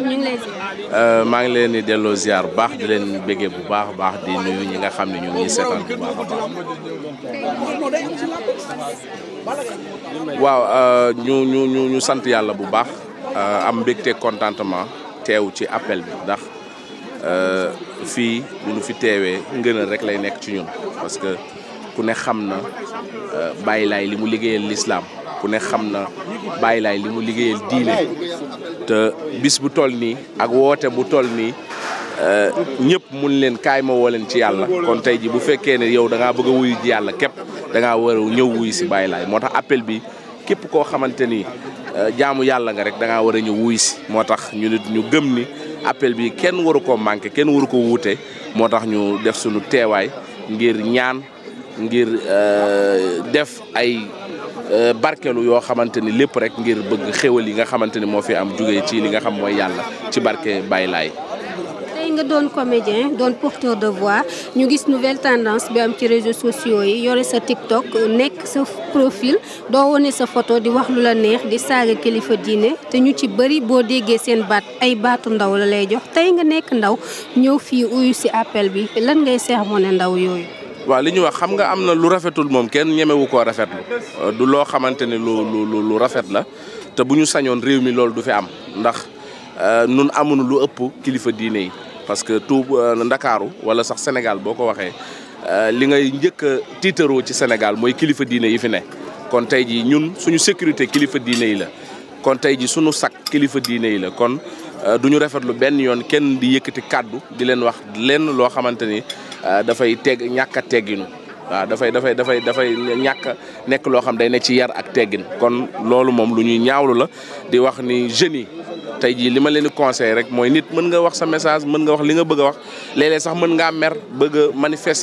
ñu euh, maa ngi leen di delloo ziar baax di leen béggee bu baax baax di nuyu ñi nga xam ne ñu ngi seetaan bu baax a baax. waaw euh, ñu ñu ñu ñu sant yàlla bu baax. Euh, am mbégte contentement teew ci appel bi ndax fii bu ñu fi teewee ngënal rek lay nekk ci ñun parce que ku ne xam na Baye Laye li mu liggéeyal lislaam ku ne xam na Baye Laye li mu liggéeyal diine. te bis bu toll nii ak woote bu toll nii eh, ñëpp mun leen kaay ma woo leen ci yàlla kon tey ji bu fekkee ne yow da ngaa bëgg a wuyu ji yàlla képp da ngaa war a ñëw wuy si baay lay moo tax appel bi képp koo xamante ni eh, jaamu yàlla nga rek danga war a ñëw wuy si moo tax ñu ñu gëm ni appel bi kenn waru koo manqué kenn waru ko wuute moo tax ñu def suñu teewaay ngir ñaan ngir eh, def ay Euh, barkelu yoo xamante ni lépp rek ngir bëgg xéwal yi nga xamante ni moo fi am jugee ci li nga xam mooy yàlla ci barke Baye Laye. nga doon comédien doon porteur de voir ñu gis nouvelle tendance bi am ci réseaux sociaux yi yore sa TikTok nekk sa profil doo wone sa photo di wax lu la neex di saaga kilifa diine te ñu ci bëri boo déggee seen baat ay baatu ndaw la lay jox tey nga nekk ndaw ñëw fii uyu si appel bi lan ngay seex ne ndaw yooyu waa li ñuy wax xam nga am na lu rafetul moom kenn ñemewu rafet rafetlu euh, du loo xamante ne lu rafet la te bu ñu sañoon réew mi loolu du fi am ndax euh, nun amuñu lu ëpp kilifa diine yi parce que tout euh, ndakaaru wala sax Sénégal boo ko waxee li ngay njëkk a tiitaroo ci Sénégal mooy kilifa diine yi fi ne kon tey jii ñun suñu sécurité kilifa diine yi la kon tey ji suñu sac kilifa diine yi la kon du ñu rafetlu benn yoon kenn di yëkkati kàddu di leen wax lenn loo xamante ni Euh, dafay teg ñàkk a tegginu waaw dafay dafay dafay dafay ñàkk nekk loo xam day na ci yar ak teggin kon loolu moom lu ñuy ñaawlu la di wax ni jeunes yi tey jii li ma leen di conseillé rek mooy nit mën nga wax sa message mën nga wax li nga bëgg a wax léeg sax mën ngaa mer bëgg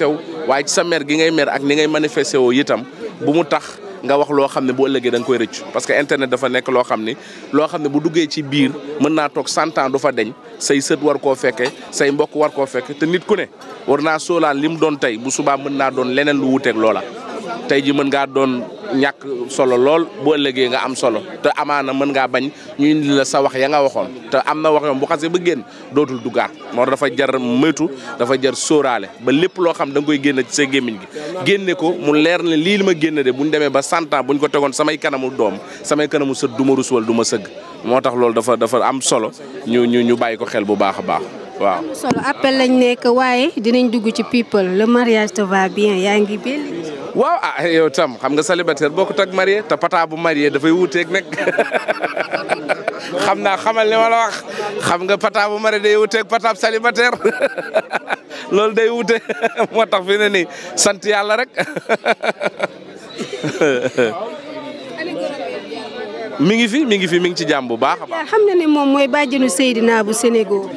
a wu waaye ci sa mer gi ngay mer ak ni ngay manifesté woo itam bu mu tax nga wax loo xam ne boo ëllëgee da koy rëccu parce que internet dafa nekk loo xam ni loo xam ne bu duggee ci biir mën naa toog cent ans du fa deñ say sët war koo fekke say mbokk war koo fekke te nit ku ne war naa soolaan li mu doon tey bu subaa mën naa doon leneen lu wuuteeg loola tey ji mën ngaa doon ñàkk solo lool bu ëllëgee nga am solo te amaana mën ngaa bañ ñu indi la sa wax ya nga waxoon te am na wax yoon bu xasee ba génn dootul duggaat moo dafa jar moytu dafa jar sooraale ba lépp loo xam da nga koy génn ci sa gémmiñ gi génne ko mu leer ne lii li ma génne de bu ñu demee ba cent ans bu ñu ko tegoon samay kanamu doom samay kanamu sët du ma rus du ma sëgg moo tax loolu dafa dafa am solo ñu ñu ñu bàyyi ko xel bu baax a baax waaw. waaw ah yow tam xam nga célibataire bokkut ak marié te pata bu marié dafay wuuteeg nag xam naa xamal ne ma wax xam nga pata bu marié day wuuteeg pataab célibataire loolu day wuute moo tax fi ne nii sant yàlla rek mi ngi fi mi ngi fi mi ngi ci jàmm bu baax a baax. xam na ne moom mooy bàjjenu Seydina bu Sénégal.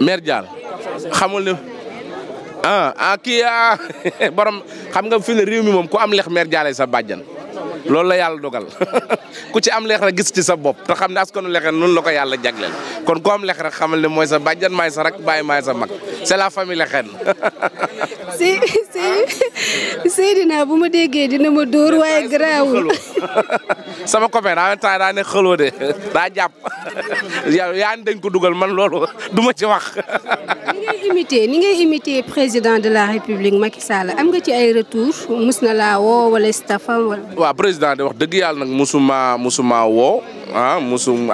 Mère Dial xamul ne. ah ah kii ah, borom xam nga fi ne réew mi moom ku am lex meer jaale sa bàjjan loolu la yàlla dogal ku ci am lex rek gis ci sa bopp te xam ne askanu lex noonu la ko yàlla jagleel kon ku am lex rek xamal ne mooy sa bàjjan maay sa rak bàyyi maay sa mag c'est la famille Lakhane. bu ma déggee dina ma dóor waaye garaawul. sama copain daa mel daa ne xëloo de daa jàpp yow yaa dañ ko dugal man loolu duma ci wax. ni ngay imité ni ngay imité président de la république Macky Sall am nga ci ay retour mus laa woo wala stafam wala. président de wax dëgg yàlla nag musuma musuma woo ah musum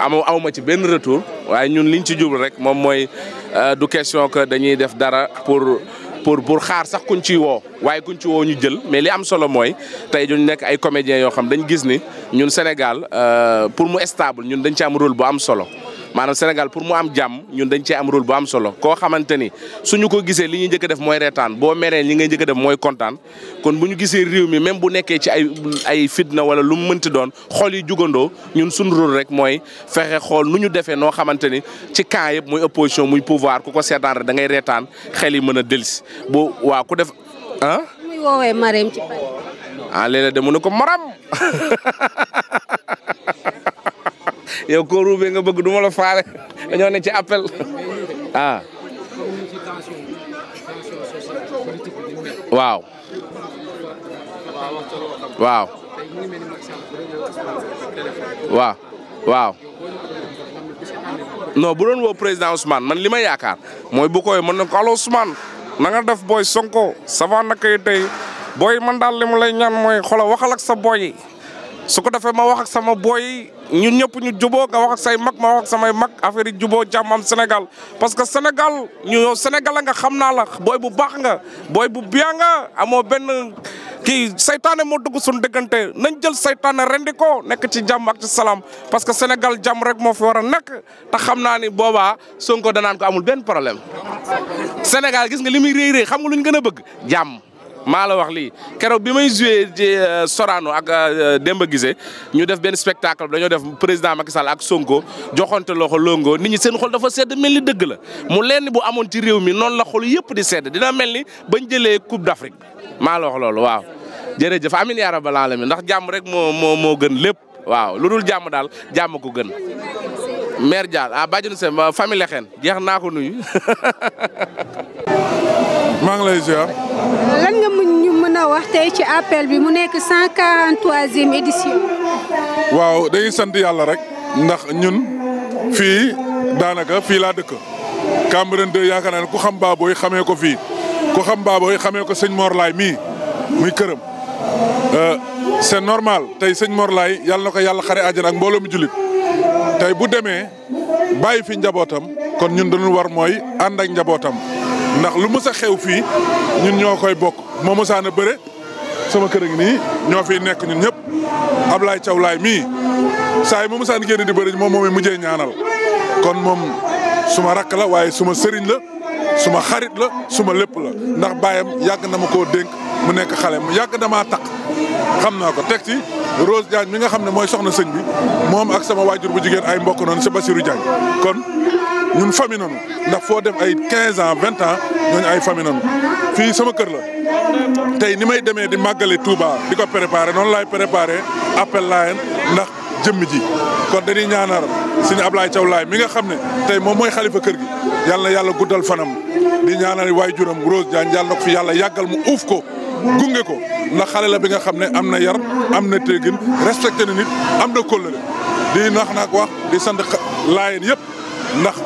ci benn retour waaye ñun liñ ci jublu rek moom mooy. Euh, du question que dañuy def dara pour pour pour xaar sax kuñ ciy woo waaye kuñ ci woo ñu jël mais li am solo mooy tey ñu nekk ay comédiens yoo xam dañ gis ni ñun Sénégal euh, pour mu stable ñun dañ ci am rôle bu am solo. maanaam Sénégal pour mu am jàmm ñun dañ cee am rôle bu am solo koo xamante ni ñu ko gisee li ñuy njëkk a def mooy reetaan boo meree li ngay njëkk a def mooy kontaan kon bu ñu gisee réew mi même bu nekkee ci ay ay fitna wala lu mu mënti doon xool yi jugandoo ñun suñu rôle rek mooy fexe xool nu ñu defee noo xamante ni ci camp yëpp muy opposition muy pouvoir ku ko seetaan rek da ngay reetaan xel yi mën a delsi bu waa ku def ah. muy ah léeg de mu ne ko maram yow koo ruubee nga bëgg duma la faale dañoo ne ci appel ah. waaw waaw waaw waaw bu doon woo président Ousmane man li ma yaakaar mooy bu koy mën na ko allo Ousmane na nga def booy Sonko ça na naka tey booy man daal li mu lay ñaan mooy xoolal waxal sa booy yi su ko defee ma wax ak sama booy ñun ñëpp ñu juboo nga wax say mag ma samay mag affaire yi juboo jàmm am Sénégal parce que Sénégal ñu yow nga xam naa la booy bu baax nga booy bu bien nga amoo benn kii saytaane moo dugg suñu diggante nañ jël saytaane rendi ko nekk ci jàmm ak ci salaam parce que Sénégal jàmm rek moo fi war a nekk te xam naa ni boobaa Sonko danaan ko amul benn problème Sénégal gis nga li muy réy xam nga lu ñu gën a bëgg jàmm maa la wax lii keroog bi may joué euh, soraano ak euh, Demba Gisé ñu def benn spectacle dañoo def président Macky Sall ak Sonko joxonte loxo longo nit ñi seen xol dafa sedd mel ni dëgg la mu lenn bu amoon ci réew mi noonu la xol yëpp di sedd dina mel ni bañ jëlee Coupe d'Afrique maa wax loolu waaw. jërëjëf amin yaa rabbal mi ndax jàmm rek moo moo moo gën lépp waaw lu dul jàmm daal jàmm ko gën. mère Diall ah bàjjenu seen famille Lexen jeex naa ko nuyu. maa ngi lay ziar. lan nga ñu mën a wax ci appel bi mu nekk 143e édition. waaw da sant yàlla rek. ndax ñun fii daanaka fii laa dëkk. Cambérène 2 yaakaar naa ne ku xam baabooy xamee ko fii ku xam baabooy xamee ko sëñ Mor Laay mii muy këram. Euh, c'est normal tey sëñ Mor Laay yàlla ko yàlla xare àjjana ak mbooloo mu jullit. tey bu demee bàyyi fi njabootam kon ñun dañu war mooy ànd ak njabootam ndax lu mës a xew fii ñun ñoo koy bokk moo mësaan a bëre sama kër a nii ñoo fi nekk ñun ñëpp Ablaye Thiaw Laay mii saa yi ma mësaan génn di bëri moom moom mujjee ñaanal kon moom suma rakk la waaye suma sëriñ la suma xarit la suma lépp la ndax baayam yàgg na ma ko dénk mu nekk xale mu yàgg damaa taq xam naa ko teg ci Rose Diagne mi nga xam ne mooy soxna sëñ bi moom ak sama waajur bu jigéen ay mbokk noonu si Basirou Diagne kon ñun famille nanu ndax foo dem ay 15 ans 20 ans ñooñu ay famille nanu fii sama kër la tey ni may demee di màggale tuubaa di ko préparé noonu laay préparé appel laayeen ndax jëmm ji kon dañuy ñaanal suñu Ablaye Thiaw Laay mi nga xam ne tey moom mooy xalifa kër gi yàlla na yàlla guddal fanam di ñaanal waajuram Rose Diagne yàlla na ko fi yàlla yàggal mu uuf ko gunge ko ndax xalela bi nga xam ne am na yar am na teggin respecté na nit am na kóllëre di nax naak wax di sant laayeen yëpp ndax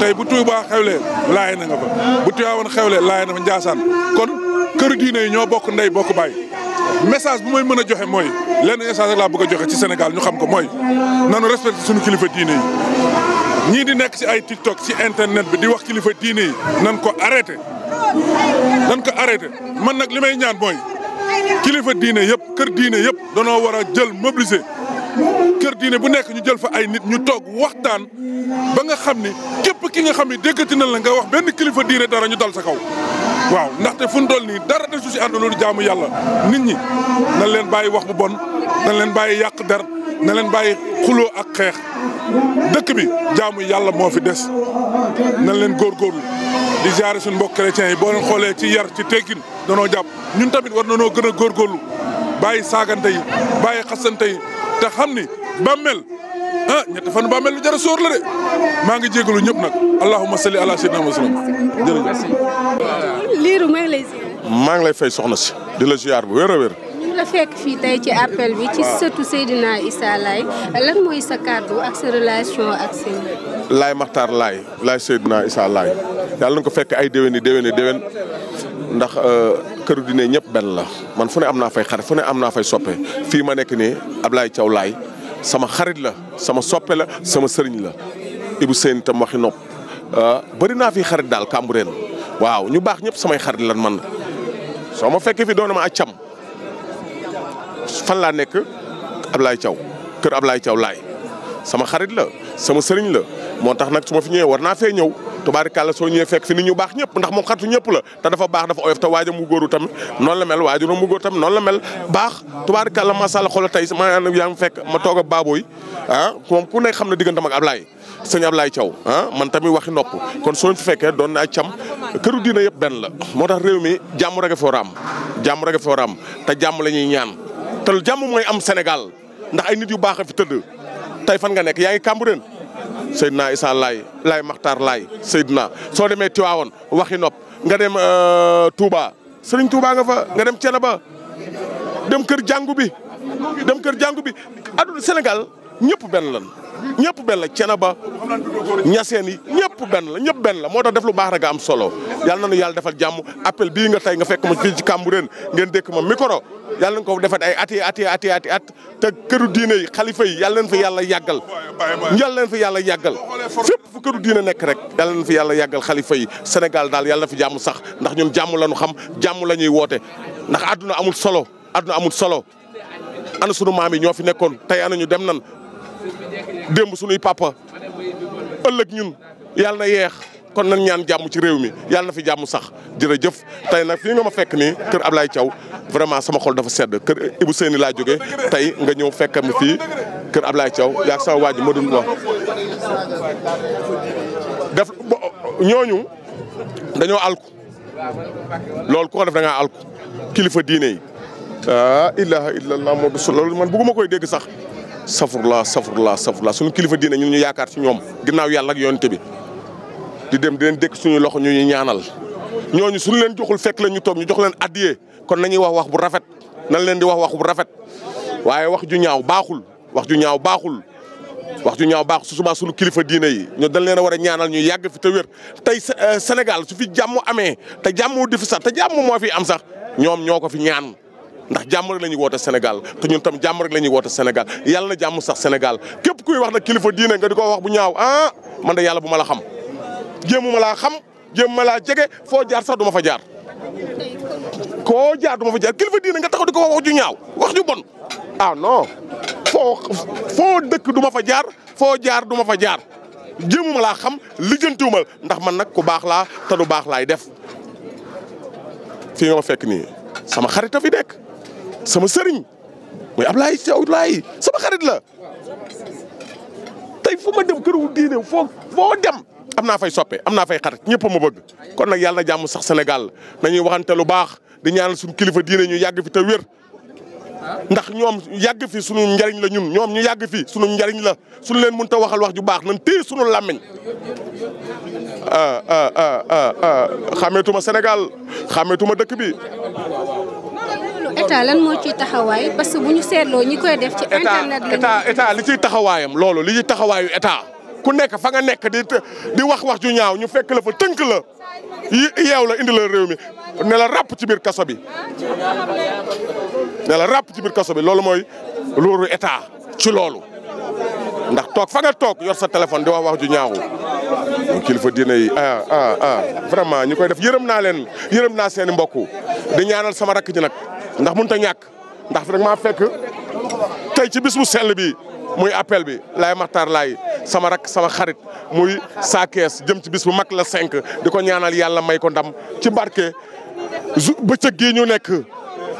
tey bu Tuubaa xewlee laayeen na nga fa bu Tiwaawan xewlee laayeen na fa Njaasaan kon kër diine yi ñoo bokk ndey bokk baay message bu may mën a joxe mooy lenn message laa bëgg a joxe ci Sénégal ñu xam ko mooy nanu respecté suñu kilifa diine yi ñii di nekk ci ay TikTok ci internet bi di wax kilifa diine yi nan ko arrêté dañ ko arrêté man nag li may ñaan mooy kilifa diine yëpp kër diine yëpp danoo war a jël mobiliser kër diine bu nekk ñu jël fa ay nit ñu toog waxtaan ba nga xam ni képp ki nga xam ni déggati na la nga wax benn kilifa diine dara ñu dal sa kaw. waaw ndaxte fu mu toll nii dara de su si ànd loolu jaamu yàlla nit ñi nañ leen bàyyi wax bu bon nañ leen bàyyi yàq der. na leen bàyyi ak xeex dëkk bi jaamu yàlla moo fi des na leen góorgóorlu di jaare suñu mbokk chrétiens yi boo leen xoolee ci yar ci teggin danoo jàpp ñun tamit war nanoo gën a góorgóorlu bàyyi saagante yi bàyyi xasante yi te xam ni bàmmeel ah ñetti fan bàmmeel lu jar a la de maa ngi jégalu ñëpp nag allahumma salli ala sayyidina Muhammad jërëjëf. maa ngi lay. maa fay soxna si di la ziar bu wér a ñu la fekk fii tey ci appel bi ci sëtu Seydina Issa Laye lan mooy sa kàddu ak sa relation ak seen. Laye Makhtar Laye Laye Seydina Issa Laye yàlla na ko fekk ay déwéni déwéni déwén ndax euh, këru ne ñëpp benn la man fu ne am naa fay xarit fu ne am naa fay soppe fii ma nekk nii Ablaye Thiaw Laye sama xarit la sama soppe la sama sëriñ la Ibou Sène tam waxi nopp euh, bëri naa fi xarit daal Cambérène waaw ñu baax ñëpp samay xarit lan man soo ma fekkee fi doon na ma fan laa nekk laay Thiaw kër ab laay Thiaw laay sama xarit la sama sëriñ la moo tax nag su ma fi ñëwee war naa fee ñëw tubaarikàlla soo ñëwee fekk fi nit ñu baax ñëpp ndax moom xaritu ñëpp la te dafa baax dafa te waajam mu góoru tamit noonu la mel waajuram mu góor tamit noonu la mel baax tubaarikàlla macha allah xoolal tey maa ngi yaa ngi fekk ma toog baaboo yi ah moom ku nekk xam na diggantam ak Ablaye sëñ Ablaye Thiaw ah man tamit waxi nopp kon soo fi fekkee doon naa cam këru diina yëpp benn la moo tax réew mi jàmm rek a fa war a am jàmm rek a te jàmm la ñuy ñaan te jàmm mooy am Sénégal ndax ay nit yu baax a fi tëdd tey fan nga nekk yaa ngi Cambérène Seydina Issa lay Laye Makhtar Laye na soo demee Tivaouane waxi nopp nga dem euh, tuuba Serigne Touba nga fa nga dem Thiénaba dem kër jàngu bi dem kër jàngu bi adduna Sénégal ñëpp benn lan ñëpp benn la Cenaba ñaseen yi ñëpp benn la ñëpp benn la moo tax def lu baax rek a am solo yal na nu yàlla defal jàmm appel bii nga tey nga fekk ma fii ci Cambérène ngeen dékk ma micro yàlla nañ ko defat ay ati ati ati ati at te këru diine yi xalifa yi yàlla leen fi yàlla yàggal yàlla leen fi yàlla yàggal fépp fu këru diine nekk rek yàlla leen fi yàlla yàggal xalifa yi Sénégal daal yàlla na fi jàmm sax ndax ñun jàmm la ñu xam jàmm la ñuy woote ndax àdduna amul solo àdduna amul solo ana sunu maam yi ñoo fi nekkoon tey ana ñu dem nan démb sunuy papa ëllëg ñun yàlla na yeex kon nan ñaan jàmm ci réew mi yàlla na fi jàmm sax jërëjëf tey nag fii nga ma fekk nii kër Ablaye caw vraiment sama xol dafa sedd kër Ibou Seyni laa jógee tey nga ñëw fekk ma fii kër Ablaye Thiaw yaa sama waa ji ma doon def ñooñu dañoo alk loolu koo ko def da ngaa kilifa diine yi. ah ilaha illallah Muhammadu su loolu man bëgguma koy dégg sax. safurla safurla safurla suñu kilifa diine ñun ñu yaakaar ci ñoom ginnaaw yàlla ak yonte bi di dem di leen dëkk suñu loxo ñu ñu ñaanal ñooñu suñu leen joxul fekk la ñu toog ñu jox leen addiyee kon nañuy wax wax bu rafet nañ leen di wax wax bu rafet waaye wax ju ñaaw baaxul wax ju ñaaw baaxul wax ju ñaaw baax su suma suñu kilifa diine yi ñu dañ leen a war a ñaanal ñu yàgg fi te wér tey Sénégal su fi jàmm amee te jàmm di fi sax te jàmm moo fi am sax ñoom ñoo ko fi ñaan ndax jàmm rek la ñuy woote Sénégal te ñun tam jàmm rek la ñuy woote Sénégal yàlla na sax Sénégal képp kuy wax nag kilifa diine nga di ko wax bu ñaaw ah man de yàlla bu ma la xam jéemu ma laa xam jéemu ma jege foo jaar sax du ma fa jaar koo jaar du ma fa jaar di ko wax wax ju ñaaw ah, dëkk du ma fa jaar foo jaar du ma fa jaar jéemu ma laa xam lijjantiwuma ndax man nag ku baax laa te lu baax laay def fii ma fekk nii sama xarit a fi nekk sama sëriñ mooy Ablaye Thiaw sama xarit la tey fu ma dem këru diine foo dem am naa fay soppe am naa fay xarit ñépp ma bëgg kon nag yàlla na jàmm sax Sénégal nañuy waxante lu baax di ñaanal suñu kilifa diine ñu yàgg fi wér. ndax ñoom yàgg fi sunu njariñ la ñun ñoom ñu yàgg fi sunu njariñ la suñu leen mënut a waxal wax ju baax nan téye sunu làmmiñ. Euh, euh, euh, xàmmeetuma Sénégal xàmmeetuma dëkk bi. état lan moo ciy taxawaay parce bu ñu seetloo ñi koy def. ci internet li ciy taxawaayam loolu li ciy taxawaayu état ku nekk fa nga nekk di wax wax ju ñaaw ñu fekk la fa tënk la yeew la indi la réew mi ne la ràpp ci biir kaso bi. ne ràpp ci biir kaso bi loolu mooy loolu état ci loolu ndax toog fa nga toog yor sa téléphone di wax wax ju ñaaw. donc kilifa diine yi ah ah ah ñu koy def yërëm naa leen yërëm naa seen i mbokk di ñaanal sama rakk ji nag. ndax mënut ta ñàkk ndax fi nag maa fekk tey ci bis bu sell bi muy appel bi laay maxtaar laay sama rakk sama xarit muy saa kees jëm ci bis bu mag la cinq di ko ñaanal yàlla may ko ndam ci barke ju bëccëg gii ñu nekk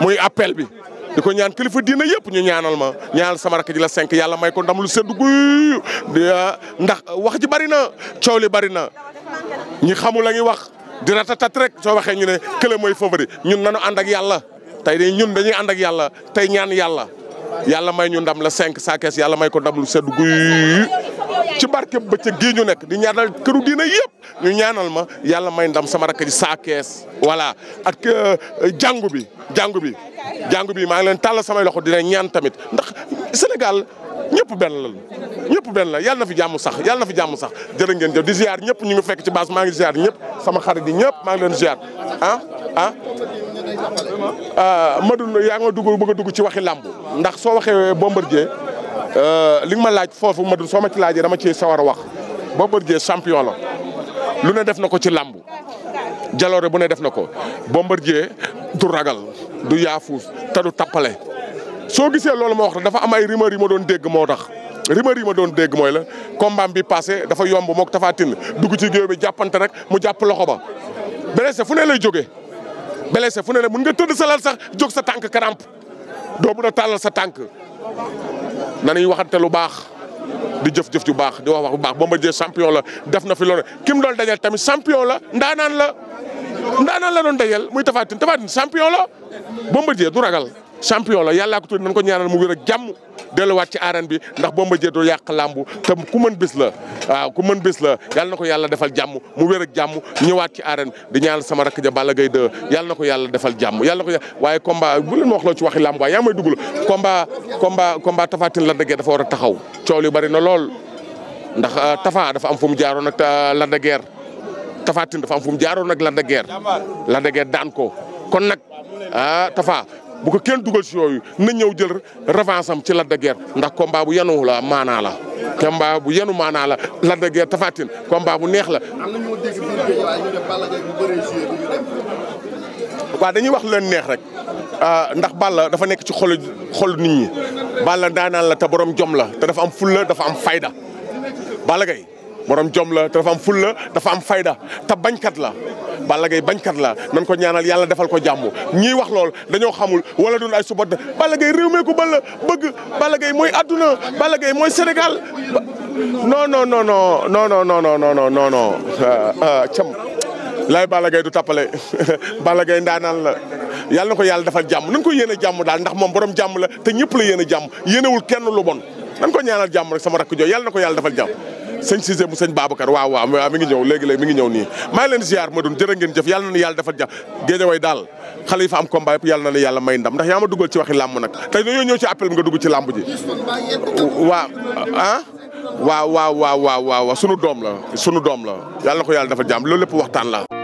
muy appel bi di ko ñaan kilifa diina yëpp ñu ñaanal ma ñaanal sama rakk ji la cinq yàlla may ko ndam lu sedd guy ah, ndax wax ji bari na coow li bari na ñi xamul la ñuy wax di ratatat rek soo waxee ñu ne kële mooy favori ñun nanu ànd ak yàlla tey de ñun dañuy ànd ak yàlla tey ñaan yàlla yàlla may ñu ndam la cinq saa kees yàlla may ko ndam lu sedd guy ci barke bëccëg gii ñu nekk di ñaanal këru diina yëpp ñu ñaanal ma yàlla may ndam sama rakk ji saa kees voilà ak euh, jàngu bi jàngu bi jàngu bi maa ngi leen tàll samay loxo dina ñaan tamit ndax Sénégal ñëpp benn la ñëpp benn la yàlla na fi jàmm sax yàlla na fi jàmm sax jërë ngeen jëf di ziar ñëpp ñu ngi fekk ci base maa ngi ziar ñëpp sama xarit yi ñëpp maa ngi leen ziar ah ah, ah madul yaa nga dugg bëgg dugg ci waxi làmb ndax soo waxee Bombardier euh, li ma laaj foofu madul soo ma ci laajee dama ci sawar a wax Bombardier champion la lu ne def na ko ci làmb jaloore bu ne def na ko Bombardier du ragal du yaafuus te du tappale soo gisee loolu ma wax dafa am ay rumeur yi ma doon dégg moo tax rumeur yi ma doon dégg mooy la combat bi passé dafa yomb moog Tapha dugg ci géew bi jàppante rek mu jàpp loxo ba blessé fu ne lay jógee blessé fu ne la mun nga tëdd sa lal sax jóg sa tànk karamp doo mën a tàllal sa tànk nañuy waxante lu baax di jëf-jëf ju baax di wax wax bu baax Bombardier champion la def na fi loolu ki mu doon dajal tamit champion la ndaanaan la ndaanaan la doon dajal muy Tapha Tine Tapha Tine champion la Bombardier du ragal champion la yàllaa ko tudd nañ ko ñaanal mu wér ak jàmm delluwaat ci arène bi ndax Bombardier du yàq làmb te ku mën bis la waaw ku bis la yàlla na ko yàlla defal jàmm mu wér ak jàmm ñëwaat ci arène di ñaanal sama rakk ja Balla Gaye 2 yàlla na ko yàlla defal jàmm yàlla na ko waaye combat bu leen wax loo ci waxi làmb waaye yaa may dugg la combat combat combat Tapha Tine Lac de dafa war a taxaw coow li bari na lool ndax euh, Tapha dafa am fu mu jaaroon ak euh, Lac de Guiers Tapha Tine dafa am fu mu jaaroon ak Lac de Guiers Lac de Guiers daan ko bu kenn dugal si yooyu na ñëw jël revanche ci Lac de Guiers ndax combat bu yanu la maanaa la. combat bu yanu maanaa la Lac de Guiers Tapha bu neex la. waa dañuy wax leen neex rek ah, ndax Balla dafa nekk ci xolu xolu nit ñi Balla daanaan la te borom jom la te dafa am fulla dafa am fayda Balla Gaye borom jom la te dafa am ful la dafa am fayda te bañkat la Balla Gaye bañkat la nañ ko ñaanal yàlla defal ko jàmm ñii wax lool dañoo xamul wala doon ay suba Balla Gaye réew mee ko ba la bëgg Balla Gaye mooy adduna Balla Gaye mooy Sénégal non non non non non non non non non non cam laay Balla Gaye du tappale Balla Gaye ndaanaan la yàlla na ko yàlla defal jàmm nañ ko yéene jàmm daal ndax moom borom jàmm la te ñëpp la yéene jàmm yéenewul kenn lu bon nañ ko ñaanal jàmm rek sama rakk jooju yàlla na ko yàlla defal jàmm sëñ Cissé mu sëñ Babacar waaw waaw waaw mi ngi ñëw léegi léegi mi ngi ñëw nii maa leen ziar ma doon jërë ngeen jëf yàlla na yàlla defal jàpp Géejawaay daal xale yi fa am combat yëpp yàlla na yàlla may ndam ndax yaa ma duggal ci waxi làmb nag tey dañoo ñëw ci appel bi nga dugg ci làmb ji waaw ah waaw waaw waaw waaw sunu doom la sunu doom la yàlla ko yàlla dafa jàmm loolu lépp waxtaan la